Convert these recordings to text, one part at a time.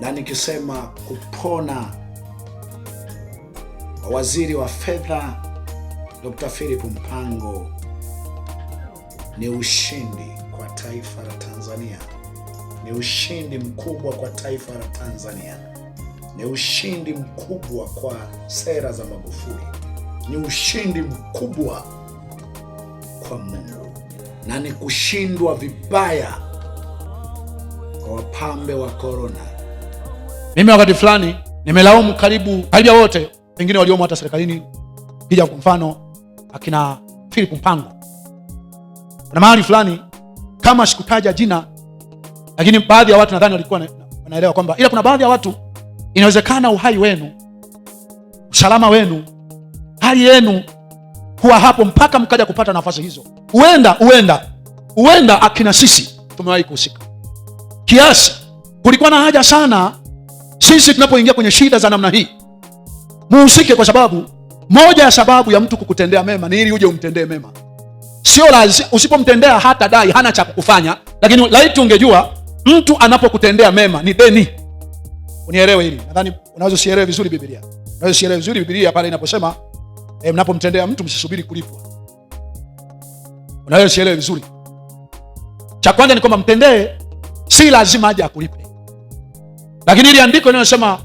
na nikisema kupona waziri wa fedha Dr. Philip Mpango ni ushindi kwa taifa la Tanzania, ni ushindi mkubwa kwa taifa la Tanzania, ni ushindi mkubwa kwa sera za Magufuli, ni ushindi mkubwa kwa Mungu na ni kushindwa vibaya kwa wapambe wa korona. Mimi wakati fulani nimelaumu karibu karibia wote wengine waliomo hata serikalini, kija kwa mfano akina Philip Mpango na mahali fulani, kama sikutaja jina, lakini baadhi ya watu nadhani walikuwa wanaelewa kwamba, ila kuna baadhi ya watu inawezekana uhai wenu, usalama wenu, hali yenu kuwa hapo mpaka mkaja kupata nafasi hizo. Huenda huenda huenda akina sisi tumewahi kuhusika kiasi, kulikuwa na haja sana sisi tunapoingia kwenye shida za namna hii, muhusike, kwa sababu moja ya sababu ya mtu kukutendea mema ni ili uje umtendee mema. Sio lazima, usipomtendea hata dai, hana cha kukufanya. Lakini laiti ungejua mtu anapokutendea mema ni deni. Unielewe hili, nadhani unaweza usielewe vizuri Biblia, unaweza usielewe vizuri Biblia pale inaposema eh, mnapomtendea mtu msisubiri kulipwa. Unaweza usielewe vizuri. Cha kwanza ni kwamba mtendee, si lazima aje akulipe lakini ili andiko linasema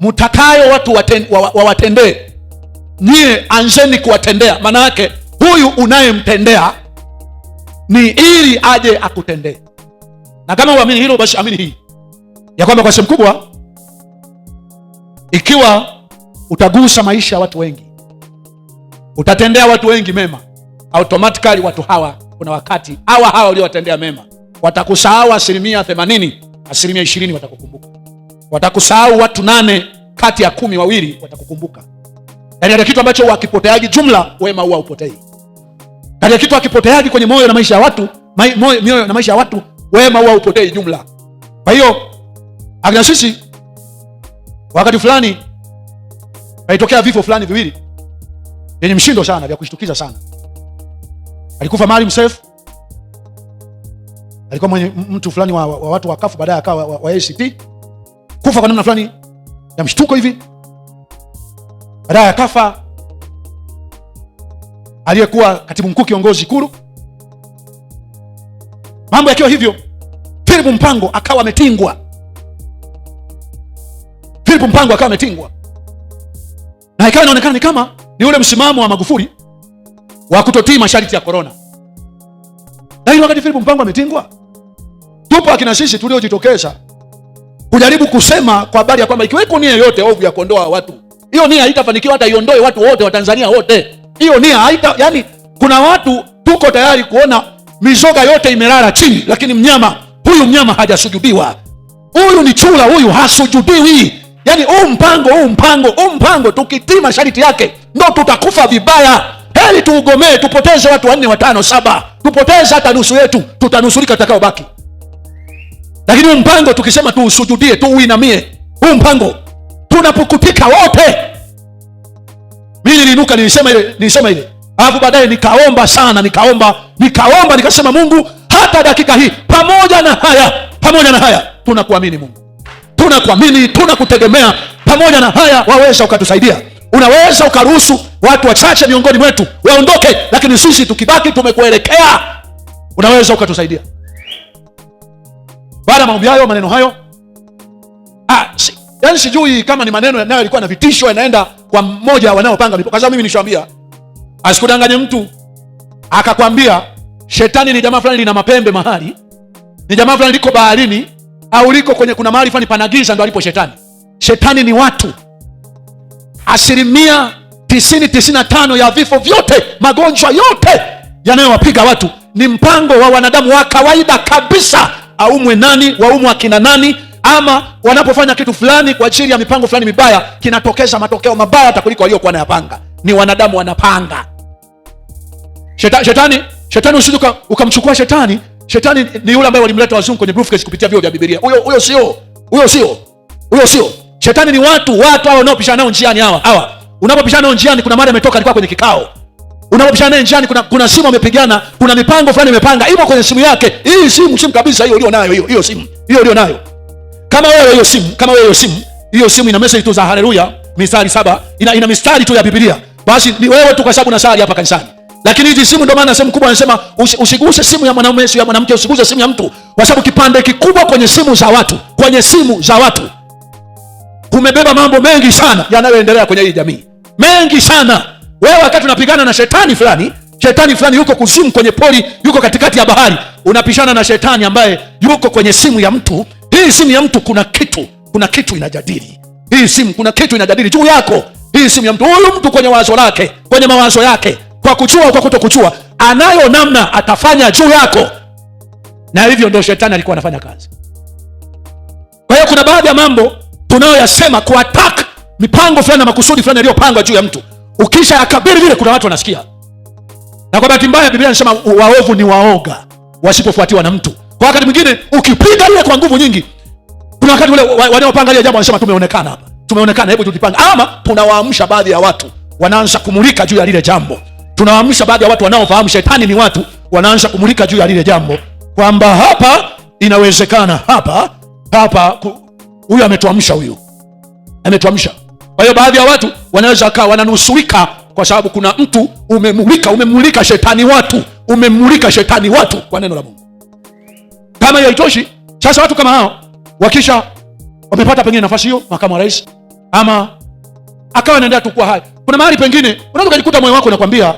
mtakayo watu wawatendee wa, wa nyie anzeni kuwatendea. Maana yake huyu unayemtendea ni ili aje akutendee, na kama uamini hilo, basi amini hii ya kwamba kwa sehemu kubwa, ikiwa utagusa maisha ya watu wengi, utatendea watu wengi mema, automatikali watu hawa, kuna wakati hawa hawa uliowatendea mema watakusahau asilimia themanini, asilimia ishirini watakukumbuka. Watakusahau watu nane kati ya kumi, wawili watakukumbuka. Yaani katika kitu ambacho wakipoteaji jumla, wema huwa upotei. Katika yaani kitu akipoteaji kwenye moyo na maisha ya watu, mioyo na maisha ya watu, wema huwa upotei jumla. Kwa hiyo akina sisi wakati fulani alitokea vifo fulani viwili vyenye mshindo sana, vya kushtukiza sana. Alikufa mali Seif, alikuwa mwenye mtu fulani wa, wa, wa watu wakafu, baadaye akawa wa, wa ACT kufa kwa namna fulani ya mshtuko hivi, baadaye akafa aliyekuwa katibu mkuu kiongozi Ikulu. Mambo yakiwa hivyo, Philip Mpango akawa ametingwa. Philip Mpango akawa ametingwa, na ikawa inaonekana ni kama ni ule msimamo wa Magufuli wa kutotii masharti ya korona. Lakini wakati Philip Mpango ametingwa, tupo akina sisi tuliojitokeza kujaribu kusema kwa habari ya kwamba ikiweko nia yote ovu ya kuondoa watu, hiyo nia haitafanikiwa hata iondoe watu wote wa Tanzania wote. Hiyo nia haita, yani kuna watu tuko tayari kuona mizoga yote imelala chini, lakini mnyama huyu, mnyama hajasujudiwa. Huyu ni chura, huyu hasujudiwi. Yani huu mpango huu mpango huu mpango, tukitii masharti yake ndo tutakufa vibaya. Heri tuugomee, tupoteze watu wanne watano saba, tupoteze hata nusu yetu, tutanusurika baki lakini huu mpango tukisema tuusujudie, tu uinamie huu mpango, tunapukutika wote. Mi niliinuka nilisema ile, nilisema ile alafu baadaye nikaomba sana, nikaomba nikaomba, nikasema Mungu, hata dakika hii, pamoja na haya, pamoja na haya, tunakuamini Mungu, tunakuamini, tunakutegemea. Pamoja na haya, waweza ukatusaidia, unaweza ukaruhusu watu wachache miongoni mwetu waondoke, lakini sisi tukibaki tumekuelekea, unaweza ukatusaidia. Baada ya maombi hayo, maneno hayo ah, si, yani sijui kama ni maneno nayo yalikuwa na vitisho, yanaenda kwa mmoja wanaopanga mipango. Kwa mimi nishawambia, asikudanganye mtu akakwambia shetani ni jamaa fulani lina mapembe mahali, ni jamaa fulani liko baharini au liko kwenye kuna mahali fulani panagiza, ndo alipo shetani. Shetani ni watu. Asilimia tisini tano ya vifo vyote, magonjwa yote yanayowapiga watu ni mpango wa wanadamu wa kawaida kabisa aumwe nani, waumwe akina nani, ama wanapofanya kitu fulani kwa ajili ya mipango fulani mibaya, kinatokeza matokeo mabaya hata kuliko waliokuwa nayapanga. Ni wanadamu wanapanga. Sheta, shetani, shetani usije ukamchukua shetani. Shetani ni yule ambaye walimleta wazungu kwenye briefcase kupitia vio vya bibilia Huyo huyo sio, huyo sio, huyo sio. Shetani ni watu, watu hao wanaopishana nao njiani hawa hawa. Unapopishana nao njiani, kuna mara ametoka alikuwa kwenye kikao unapopishana naye njiani, kuna, kuna simu amepigana, kuna mipango fulani imepanga imo kwenye simu yake. Hii simu simu kabisa hiyo ulio nayo hiyo hiyo simu hiyo ulio nayo kama wewe hiyo simu kama wewe hiyo simu hiyo simu ina message tu za haleluya mistari saba ina, ina mistari tu ya Biblia, basi ni wewe tu, kwa sababu nasali hapa kanisani. Lakini hizi simu, ndio maana sehemu kubwa anasema usiguse simu ya mwanaume, mwanamume, ya mwanamke, usiguse simu ya mtu, kwa sababu kipande kikubwa kwenye simu za watu, kwenye simu za watu kumebeba mambo mengi sana yanayoendelea kwenye hii jamii, mengi sana wewe wakati unapigana na shetani fulani, shetani fulani yuko kuzimu kwenye poli, yuko katikati ya bahari, unapishana na shetani ambaye yuko kwenye simu ya mtu. Hii simu ya mtu kuna kitu, kuna kitu inajadili hii simu, kuna kitu inajadili juu yako. Hii simu ya mtu, huyu mtu kwenye wazo lake, kwenye mawazo yake, kwa kuchua au kwa kuchua anayo namna atafanya juu yako, na hivyo ndio shetani alikuwa anafanya kazi. Kwa hiyo kuna baadhi ya mambo tunayoyasema kuattack mipango fulani na makusudi fulani yaliyopangwa juu ya mtu Ukisha yakabiri vile, kuna watu wanasikia, na kwa bahati mbaya Biblia inasema waovu ni waoga wasipofuatiwa na mtu. Kwa wakati mwingine ukipiga ile kwa nguvu nyingi, kuna wakati ule wanaopanga ile jambo wanasema tumeonekana hapa, tumeonekana, hebu tujipange. Ama tunawaamsha baadhi ya watu wanaanza kumulika juu ya lile jambo, tunawaamsha baadhi ya watu wanaofahamu shetani ni watu, wanaanza kumulika juu ya lile jambo kwamba hapa inawezekana, hapa hapa, huyu ametuamsha, huyu ametuamsha kwa hiyo baadhi ya watu wanaweza kaa wananusurika kwa sababu kuna mtu umemulika umemulika shetani watu umemulika shetani watu kwa neno la mungu kama hiyo itoshi sasa watu kama hao wakisha wamepata pengine nafasi hiyo makamu wa rais ama akawa anaendea tu kuwa hai kuna mahali pengine unaweza ukajikuta moyo wako unakwambia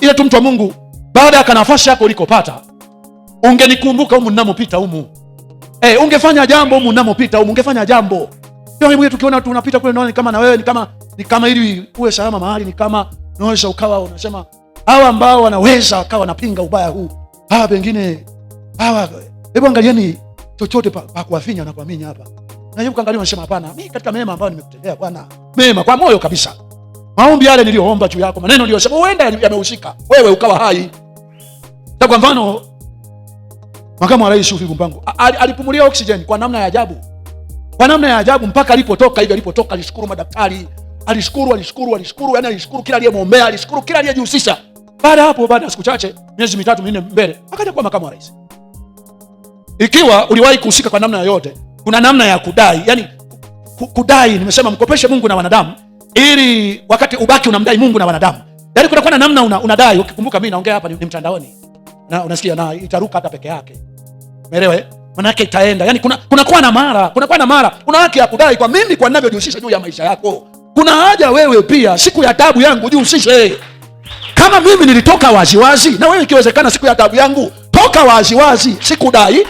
ile tu mtu wa mungu baada ya kanafasi yako ulikopata ungenikumbuka humu namopita humu e, ungefanya jambo humu namopita humu ungefanya jambo Leo yaani tukiona watu unapita kule kama na wewe ni kama ni kama ili uwe salama mahali ni kama unaweza ukawa unasema hawa ambao wanaweza wakawa wanapinga ubaya huu. Hawa pengine hawa hebu angalieni chochote pa, pa kuwafinya na hapa. kaangalia unasema hapana, mimi katika mema ambayo nimekutendea Bwana, mema kwa moyo kabisa. Maombi yale niliyoomba juu yako, maneno niliyosema huenda yamehusika. Wewe ukawa hai. Kwa mfano, makamu wa rais Mpango alipumulia oksijeni kwa namna ya ajabu kwa namna ya ajabu mpaka alipotoka hivi. Alipotoka alishukuru madaktari, alishukuru alishukuru alishukuru, yani alishukuru kila aliyemwombea, alishukuru kila aliyejihusisha. Baada hapo, baada ya siku chache, miezi mitatu minne mbele, akaja kuwa makamu wa rais. Ikiwa uliwahi kuhusika kwa namna yoyote, kuna namna ya kudai, yani kudai, nimesema mkopeshe Mungu na wanadamu, ili wakati ubaki unamdai Mungu na wanadamu, yani kunakuwa na namna unadai una, Ukikumbuka mimi naongea hapa ni, ni mtandaoni na unasikia na itaruka hata peke yake, umeelewa? Eh? manake itaenda. Yani kunakuwa kuna na mara, kunakuwa na mara. kuna haki ya kudai kwa mimi kwa ninavyojihusisha juu ya maisha yako. Kuna haja wewe pia siku ya tabu yangu jihusishe kama mimi nilitoka waziwazi na wewe, ikiwezekana siku ya tabu yangu toka waziwazi. Sikudai,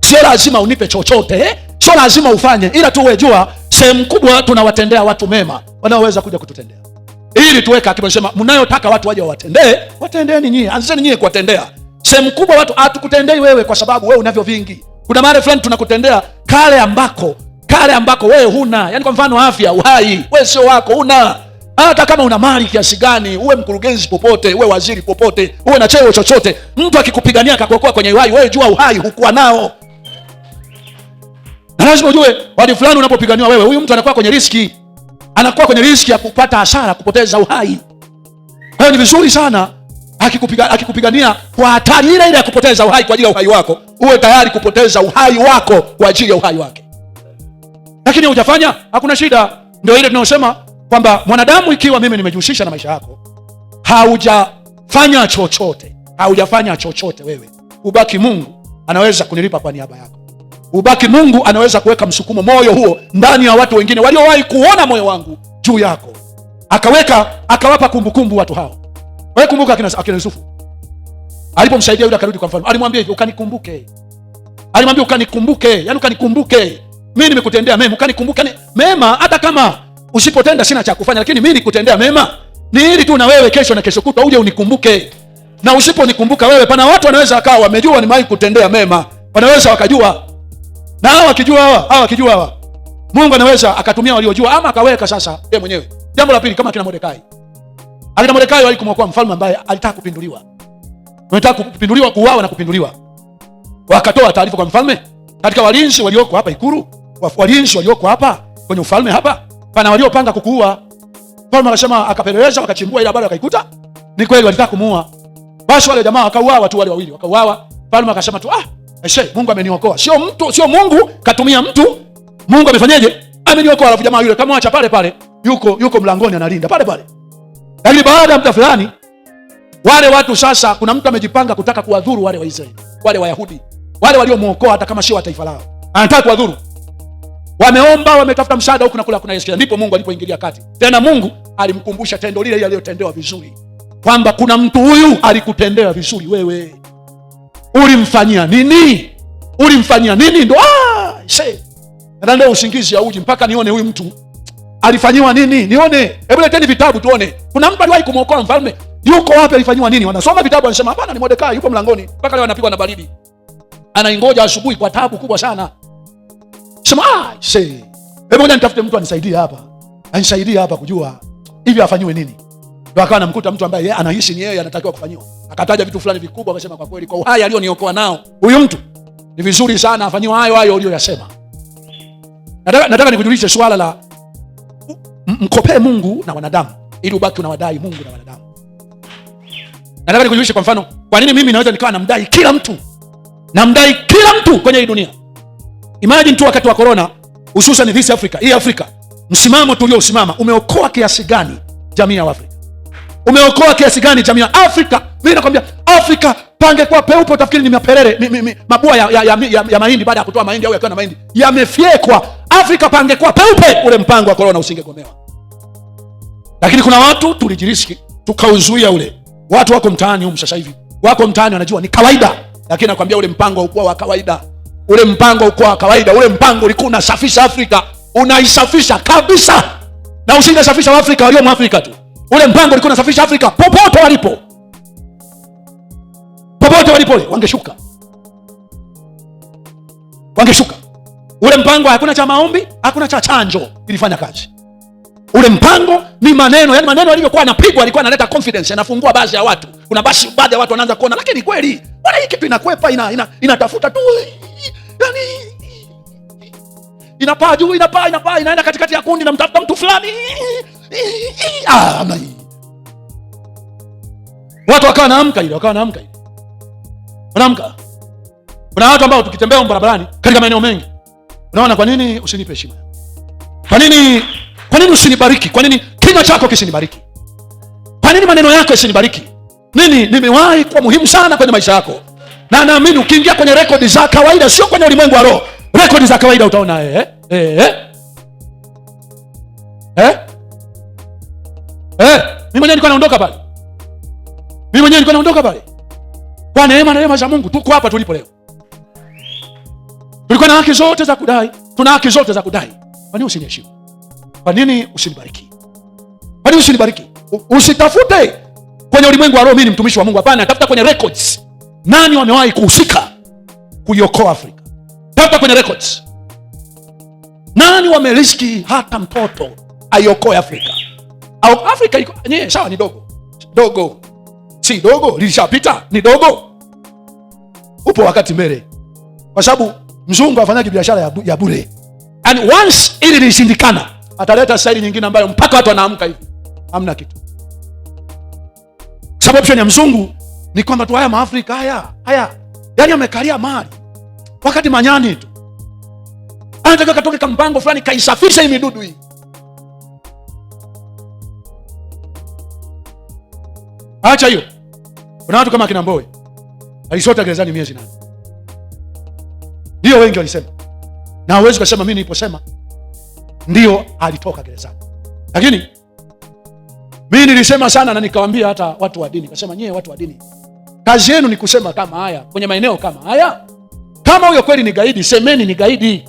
sio lazima unipe chochote eh? Sio lazima ufanye, ila tu wejua sehemu kubwa tunawatendea watu mema wanaoweza kuja kututendea, ili tuweka akiba. Nasema mnayotaka watu waje wawatendee, watendeeni nyie, anzeni nyie kuwatendea. Sehemu kubwa watu hatukutendei wewe, kwa sababu wewe unavyo vingi. Kuna mahali fulani tunakutendea kale ambako kale ambako wewe huna, yani kwa mfano afya, uhai, wewe sio wako, huna. Hata kama una mali kiasi gani, uwe mkurugenzi popote, uwe waziri popote, uwe na cheo chochote, mtu akikupigania akakuokoa kwenye uhai, wewe jua uhai hukuwa nao, na lazima ujue wadi fulani unapopiganiwa wewe, huyu mtu anakuwa kwenye riski, anakuwa kwenye riski ya kupata hasara, kupoteza uhai. Kwa hiyo ni vizuri sana akikupigania kwa hatari ile ile ya kupoteza uhai kwa ajili ya uhai wako, uwe tayari kupoteza uhai wako kwa ajili ya uhai wake. Lakini hujafanya, hakuna shida. Ndio ile tunayosema kwamba mwanadamu, ikiwa mimi nimejihusisha na maisha yako, haujafanya chochote, haujafanya chochote wewe, ubaki Mungu anaweza kunilipa kwa niaba yako, ubaki Mungu anaweza kuweka msukumo moyo huo ndani ya watu wengine waliowahi kuona moyo wangu juu yako, akaweka akawapa kumbukumbu watu hao wewe kumbuka akina, akina Yusufu alipomsaidia yule akarudi kwa mfalme, alimwambia hivi, ukanikumbuke. Alimwambia ukanikumbuke, yani ukanikumbuke mimi, nimekutendea mema, ukanikumbuke yani mema. Hata kama usipotenda sina cha kufanya, lakini mimi nikutendea mema ni ili tu na wewe kesho na kesho kutwa uje unikumbuke, na usiponikumbuka wewe, pana watu wanaweza akawa wamejua nimewahi kutendea mema, wanaweza wakajua, na hawa wakijua, hawa hawa wakijua, hawa Mungu anaweza akatumia waliojua, ama akaweka sasa yeye mwenyewe. Jambo la pili, kama kina Mordekai Alina Mordekai aliwahi kumwokoa mfalme ambaye alitaka kupinduliwa, unataka kupinduliwa, kuuawa na kupinduliwa. Wakatoa taarifa kwa mfalme, katika walinzi walioko hapa Ikulu, walinzi walioko hapa kwenye ufalme hapa, pana waliopanga kukuua. Mfalme akasema, akapeleleza, wakachimbua ile habari, wakaikuta ni kweli, walitaka kumuua. Basi wale jamaa wakauawa tu, wale wawili wakauawa. Mfalme akasema tu, ah, eshe, Mungu ameniokoa, sio mtu, sio Mungu katumia mtu. Mungu amefanyaje? Ameniokoa. Alafu jamaa yule kamwacha pale pale, yuko yuko mlangoni analinda pale pale. Lakini baada ya muda fulani, wale watu sasa, kuna mtu amejipanga kutaka kuwadhuru wale Waisraeli, wale Wayahudi, wale waliomwokoa, hata kama sio wa taifa lao, anataka kuwadhuru. Wameomba, wametafuta msaada huku na kuna Yesu. Ndipo Mungu alipoingilia kati. Tena Mungu alimkumbusha tendo lile aliyotendewa vizuri, kwamba kuna mtu huyu alikutendea vizuri wewe, ulimfanyia nini? Ulimfanyia nini? Ndo ah, nadhani leo usingizi hauji mpaka nione huyu mtu alifanyiwa nini? Nione, hebu leteni vitabu tuone, kuna mtu aliwahi kumwokoa mfalme? Yuko wapi? Alifanyiwa nini? Wanasoma vitabu, wanasema hapana, ni Mordekai, yupo mlangoni mpaka leo, anapigwa na baridi, anaingoja asubuhi kwa tabu kubwa sana. Sema ah, she, hebu ngoja nitafute mtu anisaidie hapa, anisaidie hapa kujua hivi afanyiwe nini. Ndio akawa anamkuta mtu ambaye yeye anaishi ni yeye anatakiwa kufanyiwa, akataja vitu fulani vikubwa, akasema kwa kweli, kwa uhai alioniokoa nao huyu mtu ni vizuri sana afanyiwe hayo hayo uliyoyasema. Nataka, nataka nikujulishe swala la mkopee Mungu na wanadamu ili ubaki unawadai Mungu na wanadamu. Nataka nikujulishe kwa mfano, kwa nini mimi naweza nikawa namdai kila mtu, namdai kila mtu kwenye hii dunia. imajin tu wakati wa korona hususan this Africa, hii Afrika msimamo tuliousimama umeokoa kiasi gani jamii ya Afrika, umeokoa kiasi gani jamii ya Afrika. mii nakwambia Afrika, pangekuwa peupe utafikiri ni mapelele, mabua ya, ya, ya, ya, ya mahindi baada ya kutoa mahindi au yakiwa na mahindi yamefyekwa Afrika pangekuwa peupe, ule mpango wa korona usingegomewa. Lakini kuna watu tulijiriski, tukauzuia ule. Watu wako mtaani huko sasa hivi, wako mtaani wanajua ni kawaida, lakini nakwambia ule mpango haukuwa wa kawaida. Ule mpango haukuwa wa kawaida. Ule mpango ulikuwa unasafisha Afrika, unaisafisha kabisa, na usingesafisha Waafrika walio Mwafrika tu. Ule mpango ulikuwa unasafisha Afrika popote walipo, popote walipo wangeshuka Ule mpango hakuna cha maombi, hakuna cha chanjo, ilifanya kazi. Ule mpango ni maneno, yani maneno alivyokuwa anapigwa alikuwa analeta confidence, anafungua baadhi ya watu. Kuna basi baadhi ya watu wanaanza kuona, lakini kweli bwana, hii kitu inakwepa, ina, ina, inatafuta tu yani inapaa juu, inapaa, inapaa, inaenda katikati ya kundi, namtafuta mtu fulani. Ah, watu wakawa naamka ile, wakawa naamka ile, wanaamka. Kuna watu ambao tukitembea barabarani katika maeneo mengi Unaona kwa nini usinipe heshima? Kwa nini, kwa nini usinibariki? Kwa nini kinywa chako kisinibariki? Kwa nini maneno yako yasinibariki? Nini nimewahi kuwa muhimu sana kwenye maisha yako, na naamini ukiingia kwenye rekodi za kawaida, sio kwenye ulimwengu wa roho, rekodi za kawaida utaona eh, eh, eh, eh. Eh? Eh, mimi mwenyewe nilikuwa naondoka pale, mimi mwenyewe nilikuwa naondoka pale kwa neema na neema za Mungu. Tuko hapa tulipo leo. Tulikuwa na haki zote za kudai, tuna haki zote za kudai. Kwa nini usiniheshimu? Kwa nini usinibariki? Kwa nini usinibariki? Usitafute kwenye ulimwengu wa roho, mimi ni mtumishi wa Mungu. Hapana, tafuta kwenye records, nani wamewahi kuhusika kuiokoa Afrika? Tafuta kwenye records, nani wameriski hata mtoto aiokoe Afrika au Afrika iko nye, sawa, ni dogo dogo, si dogo, lilishapita, ni dogo, upo wakati mbele, kwa sababu Mzungu afanyaje biashara ya, bure. And once ili lishindikana, ataleta staili nyingine ambayo mpaka watu wanaamka hivi, hamna kitu. Sababu ya mzungu ni kwamba tu haya maafrika haya haya, yani amekalia mali wakati manyani tu, anatakiwa katoke kampango fulani kaisafisha hii midudu hii. Acha hiyo. Kuna watu kama akina mboe alisota gerezani miezi nane ndio wengi walisema, na hawezi kasema mimi niliposema ndio alitoka gerezani, lakini mimi nilisema sana na nikawambia hata watu wa dini, kasema nyie watu wa dini, kazi yenu ni kusema kama haya kwenye maeneo kama haya. Kama huyo kweli ni gaidi, semeni ni gaidi.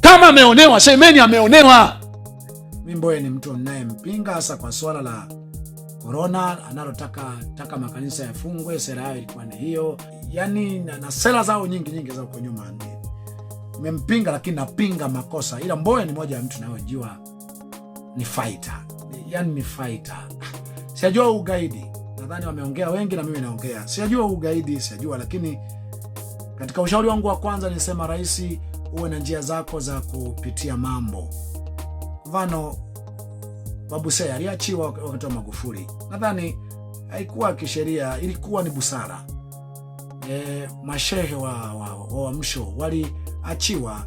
Kama ameonewa, semeni ameonewa. Mimboye ni mtu mnayempinga hasa kwa swala la korona analotaka taka makanisa yafungwe, sera yao ilikuwa ni hiyo, yani na, na sera zao nyingi nyingi za huko nyuma. Nimempinga, lakini napinga makosa, ila Mboya ni moja ya mtu nayojua ni fighter, yani ni fighter. Sijajua ugaidi, nadhani wameongea wengi na mimi naongea, sijajua ugaidi, sijajua, lakini katika ushauri wangu wa kwanza nilisema rais, uwe na njia zako za kupitia mambo. Mfano, Babuse aliachiwa wakati wa Magufuli, nadhani haikuwa kisheria, ilikuwa ni busara. E, mashehe wa wa, wa, wa, wa wali achiwa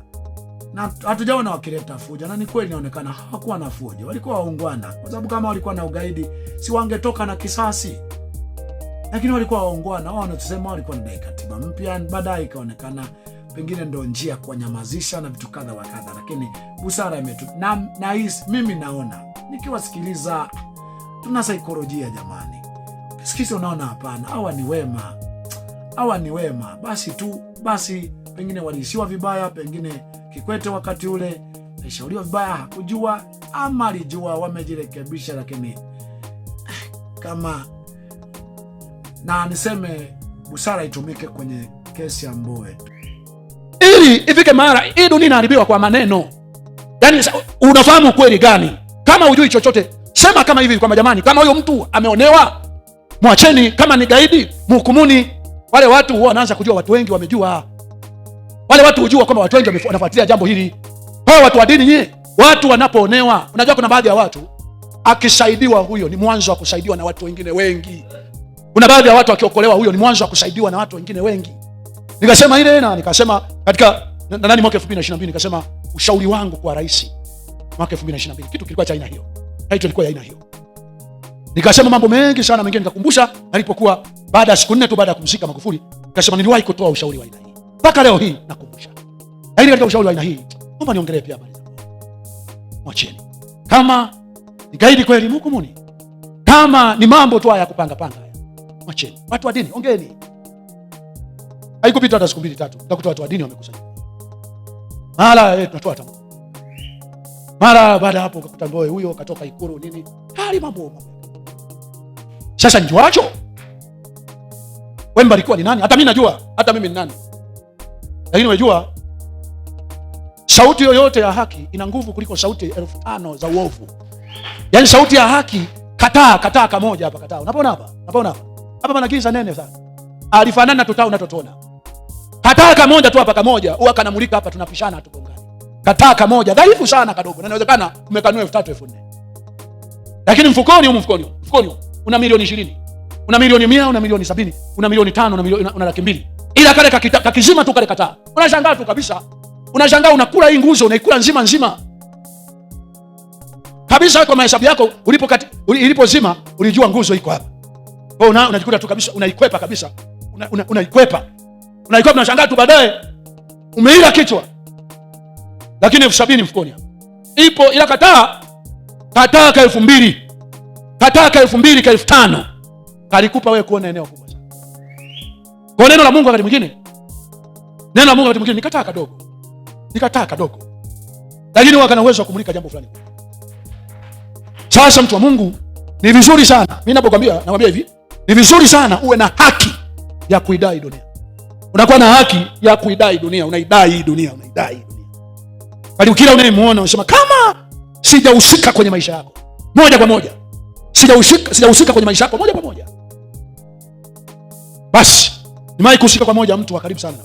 na hatujaona wakileta fujo, na ni kweli inaonekana hawakuwa na fujo, walikuwa waungwana, kwa sababu kama walikuwa na ugaidi si wangetoka na kisasi, lakini walikuwa waungwana. Wao wanatusema walikuwa na katiba mpya, baadaye ikaonekana pengine ndo njia kuwanyamazisha na vitu kadha wa kadha, lakini busara imetu na, na his, mimi naona nikiwasikiliza, tuna saikolojia jamani, sikisi unaona, hapana, hawa ni wema, hawa ni wema, basi tu basi pengine waliishiwa vibaya, pengine Kikwete wakati ule alishauriwa vibaya, hakujua ama alijua, wamejirekebisha. Lakini kama na niseme busara itumike kwenye kesi ya Mbowe ili ifike mara hii dunia inaharibiwa kwa maneno. Yani unafahamu kweli gani? Kama hujui chochote sema kama hivi kwamba jamani, kama huyo mtu ameonewa mwacheni, kama ni gaidi mhukumuni. Wale watu wanaanza kujua, watu wengi wamejua wale watu hujua kwamba watu wengi wanafuatilia jambo hili. Hawa watu wa dini nyie, watu wanapoonewa, unajua kuna baadhi ya watu akisaidiwa huyo ni mwanzo wa kusaidiwa na watu wengine wengi. Kuna baadhi ya watu akiokolewa huyo ni mwanzo wa kusaidiwa na watu wengine wengi. Nikasema ile na nikasema katika nadhani mwaka 2022 nikasema ushauri wangu kwa rais mwaka 2022 kitu kilikuwa cha aina hiyo. Haito ilikuwa ya aina hiyo. Nikasema mambo mengi sana mengine nikakumbusha alipokuwa baada ya siku nne tu baada ya kumshika Magufuli, nikasema niliwahi kutoa ushauri wa aina hiyo mpaka leo hii nakumbusha. Lakini katika ushauri wa aina hii, naomba niongelee pia habari za mwacheni. Kama ni gaidi kweli, mhukumuni. Kama ni mambo tu haya ya kupanga panga haya, mwacheni. Watu wa dini, ongeeni. Haikupita hata siku mbili tatu, utakuta watu wa dini wamekusanyika mara yetu, eh, tunatoa tamu mara baada hapo ukakuta ndoe huyo katoka Ikuru nini, hali mambo mambo. sasa. Njuacho wemba alikuwa ni nani? Hata mimi najua, hata mimi ni nani. Lakini umejua sauti yoyote ya haki ina nguvu kuliko sauti elfu tano za uovu. Yaani sauti ya haki, kataa kataa, kamoja hapa, kataa. Unapaona hapa, unapaona hapa hapa, managiza nene sana, alifanana na unatotona. Kataa kamoja tu hapa, kamoja huwa kanamulika hapa, tunapishana hatukongani. Kataa kamoja dhaifu sana kadogo, na inawezekana umekanua elfu tatu elfu nne lakini mfukoni humu, mfukoni humu, mfukoni humu una milioni ishirini, una milioni mia, una milioni sabini, una milioni tano, una laki mbili ila kale kakizima tu kale kataa, unashangaa tu kabisa, unashangaa unakula hii nguzo unaikula nzima nzima kabisa kwa mahesabu yako ulipo kati, ilipozima ulijua nguzo iko hapa kwa una, unajikuta tu kabisa unaikwepa kabisa una, una, unaikwepa unaikwepa, unashangaa tu baadaye umeila kichwa, lakini elfu sabini mfukoni ipo, ila kataa kataa ka elfu mbili kataa ka elfu mbili ka elfu tano kalikupa wewe kuona eneo kubwa kwa neno la Mungu wakati mwingine, neno la Mungu wakati mwingine nikataa kadogo, nikataa kadogo, lakini huwa kana uwezo wa kumulika jambo fulani. Sasa mtu wa Mungu, ni vizuri sana mi napokwambia, nakwambia hivi, ni vizuri sana uwe na haki ya kuidai dunia. Unakuwa na haki ya kuidai dunia, unaidai dunia, unaidai dunia, bali kila unayemuona unasema kama sijahusika kwenye maisha yako moja kwa moja, sijahusika, sija kwenye maisha yako moja kwa moja, basi Nimewahi kushika kwa mtu wa karibu sana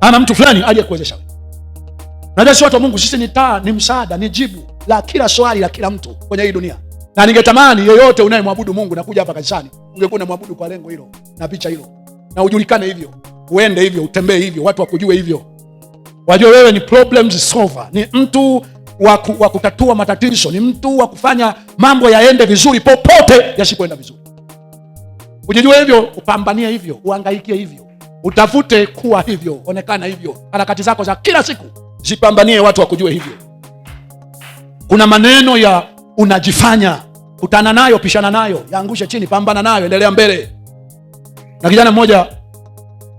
ana mtu fulani Watu wa Mungu, sisi ni taa, ni msaada, ni jibu la kila swali la kila mtu kwenye hii dunia, na ningetamani yoyote unayemwabudu Mungu na kuja hapa kanisani ungekuwa unamwabudu kwa lengo hilo na picha hilo, na ujulikane hivyo, uende hivyo, utembee hivyo, watu wakujue hivyo, wajue wewe ni solver, ni mtu wa kutatua matatizo, ni mtu wa kufanya mambo yaende vizuri popote yasipoenda vizuri. Ujijue hivyo, upambanie hivyo, uhangaikie hivyo, utafute kuwa hivyo, onekana hivyo. Harakati zako za kila siku zipambanie watu wakujue hivyo. Kuna maneno ya unajifanya, kutana nayo, pishana nayo, yaangushe chini, pambana nayo, endelea mbele. Na kijana mmoja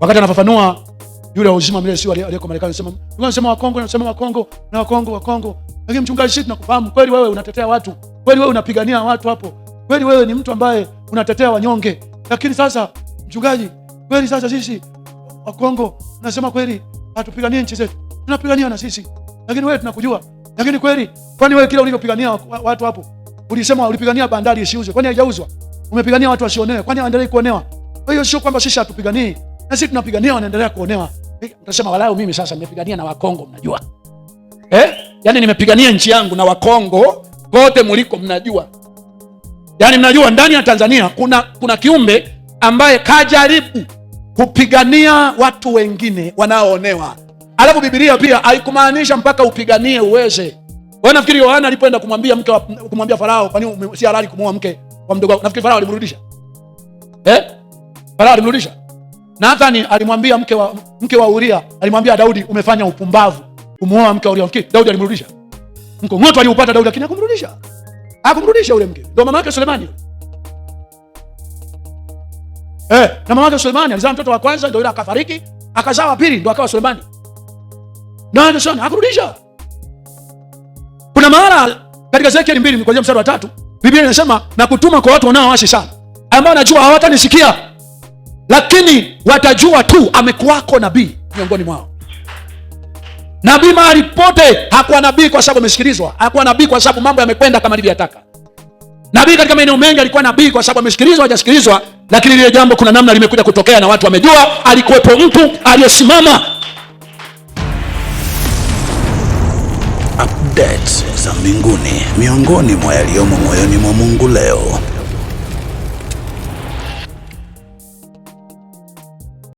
wakati anafafanua yule wa uzima milele sio aliyeko Marekani, anasema unasema wa Kongo, anasema wa Kongo na wa Kongo wa Kongo, lakini mchungaji, sisi tunakufahamu kweli, wewe unatetea watu kweli, wewe unapigania watu hapo kweli, wewe ni mtu ambaye unatetea wanyonge lakini sasa mchungaji, kweli sasa sisi Wakongo nasema kweli hatupiganie nchi zetu, tunapigania na sisi, lakini wewe tunakujua. Lakini kweli, kwani wewe kila ulivyopigania watu hapo ulisema ulipigania bandari isiuzwe, kwani haijauzwa? Umepigania watu wasionewe, kwani waendelee kuonewa? Kwa hiyo sio kwamba sisi hatupiganii, na sisi tunapigania, wanaendelea kuonewa. utasema walau mimi sasa nimepigania na Wakongo, mnajua eh? Yani nimepigania nchi yangu na Wakongo kote mliko mnajua Yaani mnajua ndani ya Tanzania kuna, kuna kiumbe ambaye kajaribu kupigania watu wengine wanaoonewa, alafu Biblia pia haikumaanisha mpaka upiganie uweze. Wewe nafikiri Yohana alipoenda kumwambia mke kumwambia Farao, kwa nini si halali kumwoa mke wa mdogo wako? Nafikiri Farao alimrudisha eh? Farao alimrudisha. Nathani alimwambia mke wa mke wa Uria, alimwambia Daudi, umefanya upumbavu kumuoa mke wa Uria. Daudi alimrudisha. Mko Mkong'oto aliupata Daudi, lakini akumrudisha akumrudisha yule mke, ndo mama yake Sulemani. Eh, na mama yake Sulemani alizaa mtoto wa kwanza, ndo yule akafariki, akazaa wa pili, ndo akawa Sulemani. Na akurudisha. Kuna mahala katika zekeli mbili kuanzia mstari wa tatu Biblia inasema na kutuma kwa watu wanaowashi sana, ambao najua hawatanisikia, lakini watajua tu amekuwako nabii miongoni mwao. Nabii mahali pote hakuwa nabii kwa sababu amesikilizwa, hakuwa nabii kwa sababu mambo yamekwenda kama alivyotaka. Nabii katika maeneo mengi alikuwa nabii kwa sababu amesikilizwa, hajasikilizwa, lakini lile jambo kuna namna limekuja kutokea na watu wamejua, alikuwepo mtu aliyesimama. Updates za mbinguni, miongoni mwa yaliyomo moyoni mwa Mungu leo.